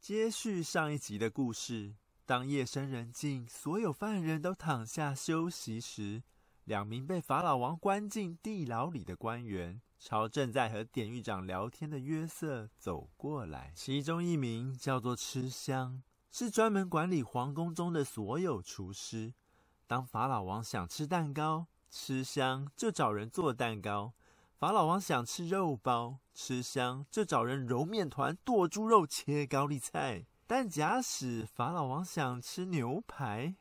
接續上一集的故事，當夜深人靜，所有犯人都躺下休息時，兩名被法老王關進地牢裡的官員朝正在和典獄長聊天的約瑟走過來。其中一名叫做吃香，是專門管理皇宮中的所有廚師。當法老王想吃蛋糕，吃香就找人做蛋糕。法老王想吃肉包，吃香就找人揉麵糰、剁豬肉、切高麗菜。但假使法老王想吃牛排，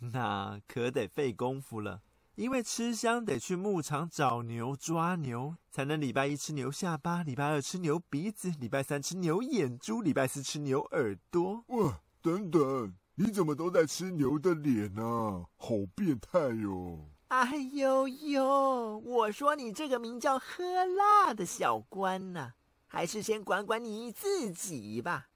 那可得費功夫了，因為吃香得去牧場找牛、抓牛，才能禮拜一吃牛下巴，禮拜二吃牛鼻子，禮拜三吃牛眼珠，禮拜四吃牛耳朵。哇！等等，你怎麼都在吃牛的臉啊？好變態喲、哦！哎呦呦！我說你這個名叫“喝辣”的小官呢、啊，還是先管管你自己吧。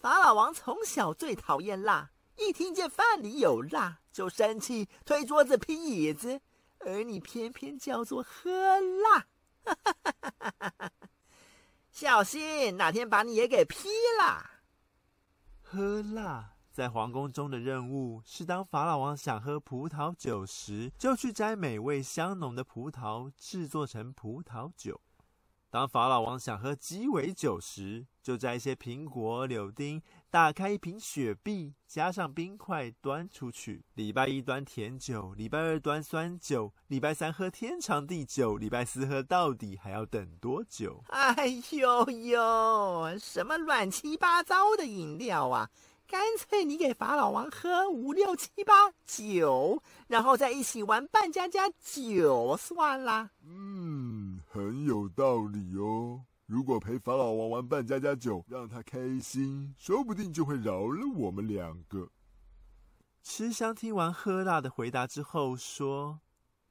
法老王從小最討厭辣，一聽見飯裡有辣就生氣，推桌子劈椅子，而你偏偏叫做“喝辣”，哈哈哈哈哈哈，小心哪天把你也給劈了，“喝辣”。在皇宮中的任務是：當法老王想喝葡萄酒時，就去摘美味香濃的葡萄，制作成葡萄酒；當法老王想喝雞尾酒時，就摘一些蘋果、柳丁，打開一瓶雪碧，加上冰塊，端出去。禮拜一端甜酒，禮拜二端酸酒，禮拜三喝天長地久，禮拜四喝到底還要等多久？哎呦呦，什麼亂七八糟的飲料啊！乾脆你給法老王喝五六七八酒，然後再一起玩扮家家酒算了。嗯，很有道理哦。如果陪法老王玩扮家家酒，讓他開心，說不定就會饒了我們兩個。吃香聽完喝辣的回答之後說：“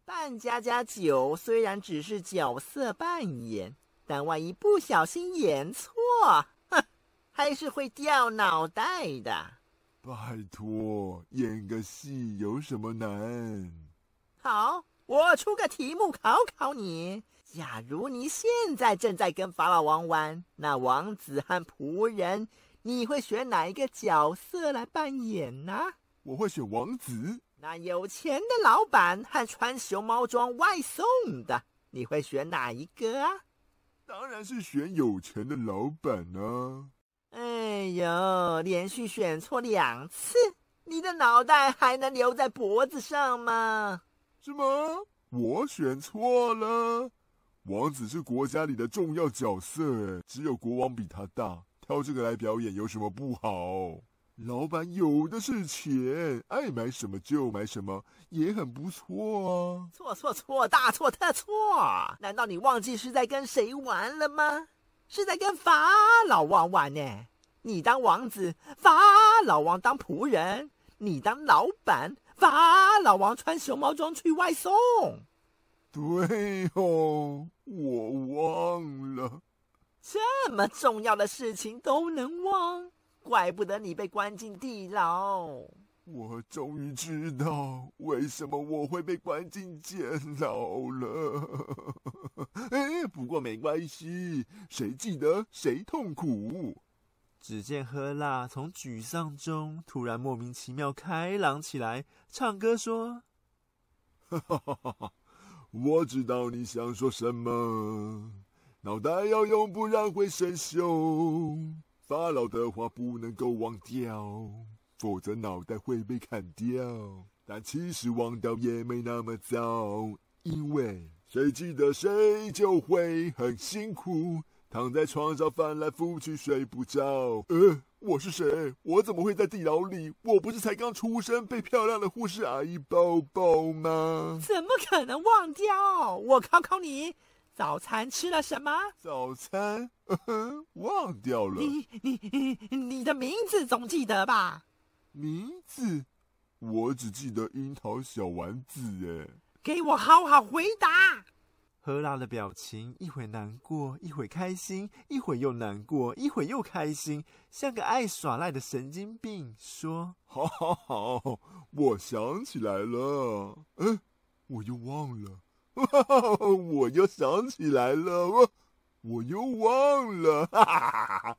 扮家家酒雖然只是角色扮演，但萬一不小心演錯。”還是會掉腦袋的。拜託，演個戲有什麼難？好，我出個題目考考你：假如你現在正在跟法老王玩，那王子和僕人，你會選哪一個角色來扮演呢？我會選王子。那有錢的老闆和穿熊貓裝外送的，你會選哪一個？當然是選有錢的老闆啊。哎呦！連續選錯兩次，你的腦袋還能留在脖子上嗎？什麼？我選錯了？王子是國家裡的重要角色，哎，只有國王比他大。挑這個來表演有什麼不好？老板有的是錢，愛買什麼就買什麼，也很不錯啊。錯錯錯，大錯特錯！難道你忘記是在跟誰玩了嗎？是在跟法老王玩呢？你當王子，法老王當僕人；你當老闆，法老王穿熊貓裝去外送。對哦，我忘了，這麼重要的事情都能忘，怪不得你被關進地牢。我終於知道為什麼我會被關進監牢了。 哎，不過沒關係，誰記得誰痛苦。只見喝辣從沮喪中突然莫名其妙開朗起來，唱歌說：“ 我知道你想說什麼，腦袋要用，不然會生鏽。法老的話不能夠忘掉，否則腦袋會被砍掉。但其實忘掉也沒那麼糟，因為誰記得誰就會很辛苦。”躺在床上翻來覆去睡不着。呃，我是誰？我怎麼會在地牢裡？我不是才剛出生被漂亮的護士阿姨抱抱嗎？怎麼可能忘掉？我考考你，早餐吃了什麼？早餐，哼，忘掉了。你你你，你的名字總記得吧？名字，我只記得櫻桃小丸子。哎，給我好好回答。喝辣的表情，一會難過，一會開心，一會又難過，一會又開心，像個愛耍賴的神經病。說：“好，好，好，我想起來了，嗯，我又忘了， 我又想起來了，我，我又忘了，哈哈哈哈，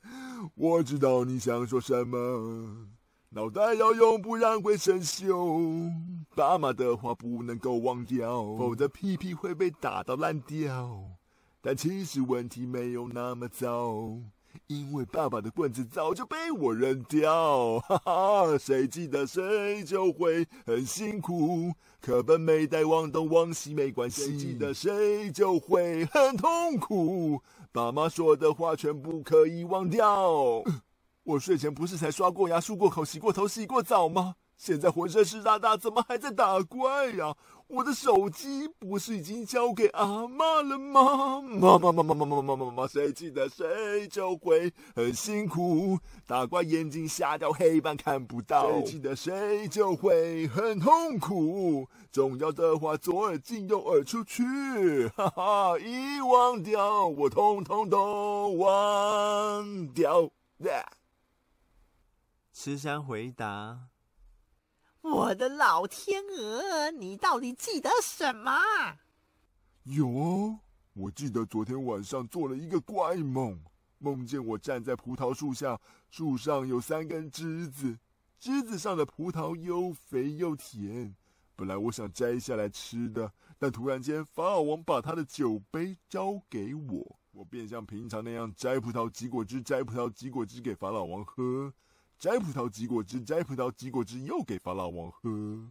我知道你想說什麼。”腦袋要用，不然會生銹。爸媽的話不能夠忘掉，否則屁屁會被打到爛掉。但其實問題沒有那麼糟，因為爸爸的棍子早就被我扔掉。哈哈，誰記得誰就會很辛苦。課本沒帶往往，忘東忘西沒關係。誰記得誰就會很痛苦。爸媽說的話全部可以忘掉。我睡前不是才刷過牙、漱過口、洗過頭、洗過澡嗎？現在渾身濕噠噠，怎麼還在打怪呀、啊？我的手機不是已經交給阿媽了嗎？媽媽媽媽媽媽媽媽，媽媽媽媽媽媽媽媽媽，誰記得誰就會很辛苦。打怪眼睛瞎掉，黑板看不到。誰記得誰就會很痛苦。重要的話左耳進右耳出去。哈哈，遺忘掉，我通通都忘掉。Yeah. 吃香回答：“我的老天鵝，你到底記得什麼？有、哦，我記得昨天晚上做了一個怪夢，夢見我站在葡萄樹下，樹上有三根枝子，枝子上的葡萄又肥又甜。本來我想摘下來吃的，但突然間法老王把他的酒杯交給我，我便像平常那樣摘葡萄擠果汁，摘葡萄擠果汁給法老王喝。”摘葡萄擠果汁，摘葡萄擠果汁，又給法老王喝。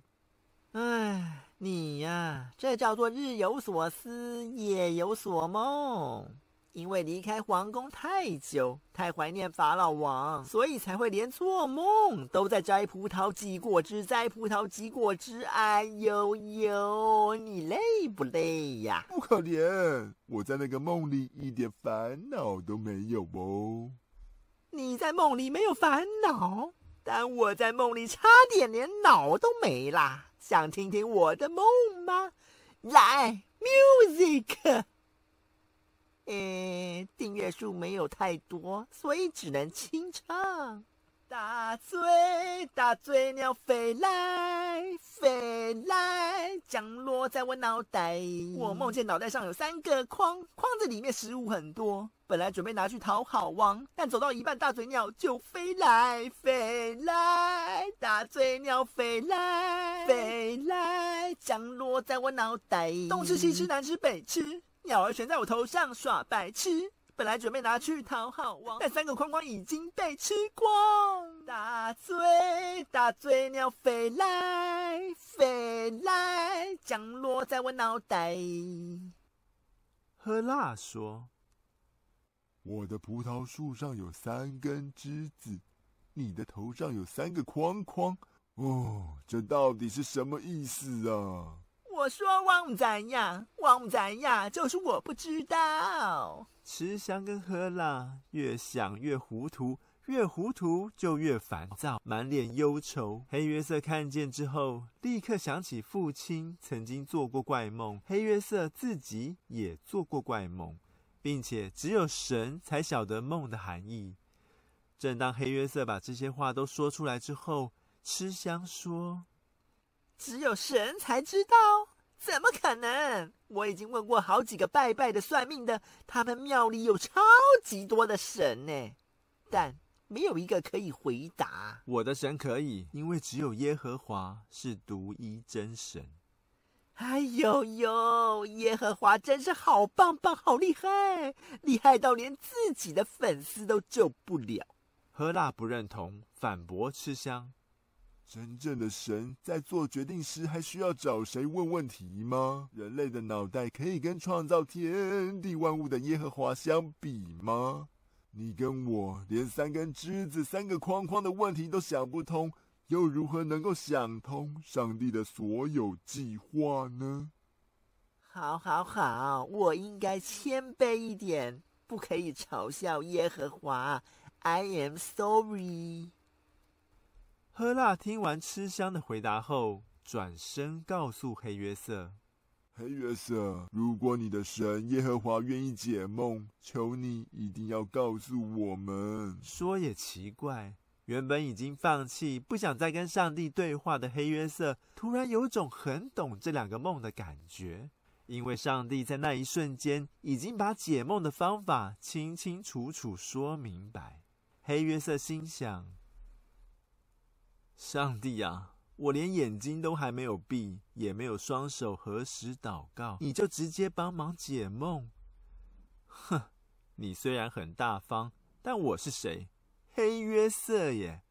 哎，你呀、啊，這叫做日有所思，夜有所夢。因為離開皇宮太久，太懷念法老王，所以才會連做夢都在摘葡萄擠果汁，摘葡萄擠果汁。哎呦呦，你累不累呀、啊？不可憐，我在那個夢裡一點煩惱都沒有哦。你在夢裡沒有煩惱，但我在夢裡差點連腦都沒了。想聽聽我的夢嗎？來，music。呃，訂閱數沒有太多，所以只能清唱。大嘴大嘴鳥飛來飛來。飛來降落在我腦袋，我夢見腦袋上有三個筐，筐子裡面食物很多。本來準備拿去討好王，但走到一半，大嘴鳥就飛來飛來，大嘴鳥飛來飛來，降落在我腦袋，東吃西吃南吃北吃，鳥兒懸在我頭上耍白痴。本來準備拿去討好王，但三個框框已經被吃光。大嘴大嘴鳥飛來飛來，降落在我腦袋。喝辣說：“我的葡萄樹上有三根枝子，你的頭上有三個框框。哦，這到底是什麼意思啊？”我說王仔呀，王仔呀，就是我不知道。吃香跟喝辣，越想越糊塗，越糊塗就越煩躁，滿臉憂愁。黑約瑟看見之後，立刻想起父親曾經做過怪夢，黑約瑟自己也做過怪夢，並且只有神才曉得夢的含義。正當黑約瑟把這些話都說出來之後，吃香說：“只有神才知道。”怎麼可能？我已經問過好幾個拜拜的算命的，他們廟裡有超級多的神呢，但沒有一個可以回答。我的神可以，因為只有耶和華是獨一真神。哎呦呦，耶和華真是好棒棒，好厲害，厲害到連自己的粉絲都救不了。喝辣不認同，反駁吃香。真正的神在做決定時，還需要找誰問問題嗎？人類的腦袋可以跟創造天地萬物的耶和華相比嗎？你跟我連三根枝子、三個框框的問題都想不通，又如何能夠想通上帝的所有計劃呢？好，好，好，我應該謙卑一點，不可以嘲笑耶和華。I am sorry. 喝辣聽完吃香的回答後，轉身告訴黑約瑟：“黑約瑟，如果你的神耶和華願意解夢，求你一定要告訴我們。”說也奇怪，原本已經放棄、不想再跟上帝對話的黑約瑟，突然有種很懂這兩個夢的感覺，因為上帝在那一瞬間已經把解夢的方法清清楚楚說明白。黑約瑟心想。上帝啊，我連眼睛都還沒有閉，也沒有雙手合十禱告，你就直接幫忙解夢。哼，你雖然很大方，但我是誰？黑約瑟耶，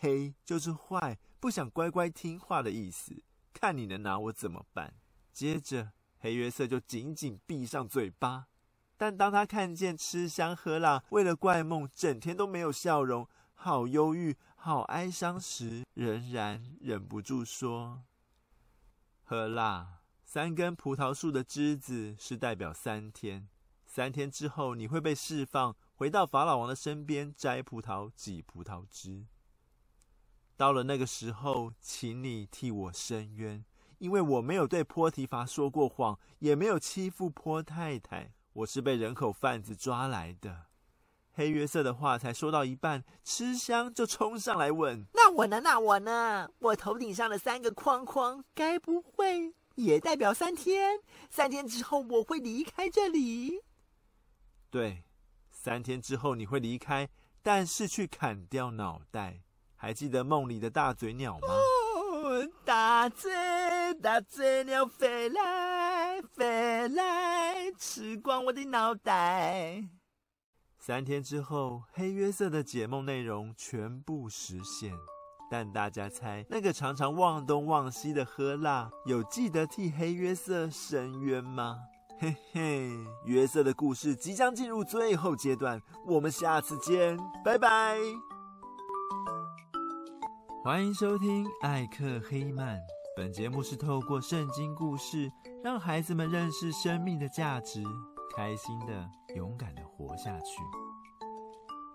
黑就是壞，不想乖乖聽話的意思。看你能拿我怎麼辦？接着，黑約瑟就緊緊閉上嘴巴。但當他看見吃香喝辣，為了怪夢整天都沒有笑容，好憂鬱，好哀傷時，仍然忍不住說：“喝啦，三根葡萄樹的枝子是代表三天，三天之後你會被釋放，回到法老王的身邊摘葡萄、擠葡萄汁。到了那個時候，請你替我伸冤，因為我沒有對波提乏說過謊，也沒有欺負波太太，我是被人口販子抓來的。”黑約瑟的話才說到一半，吃香就衝上來問：“那我呢？那我呢？我頭頂上的三個框框，該不會也代表三天？三天之後我會離開這裡？對，三天之後你會離開，但是去砍掉腦袋。還記得夢裡的大嘴鳥嗎？”哦、大嘴、大嘴鳥飛來飛來，吃光我的腦袋。三天之後，黑約瑟的解夢內容全部實現，但大家猜，那個常常忘東忘西的喝辣有記得替黑約瑟申冤嗎？嘿嘿，約瑟的故事即將進入最後階段，我們下次見，拜拜。歡迎收聽艾克黑曼，本節目是透過聖經故事，讓孩子們認識生命的價值，開心的，勇敢的，下去，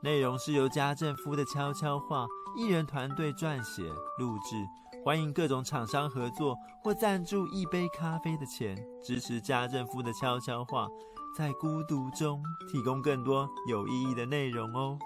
內容是由家政夫的悄悄話藝人團隊撰寫錄製，歡迎各種廠商合作或贊助一杯咖啡的錢，支持家政夫的悄悄話，在孤獨中提供更多有意義的內容哦。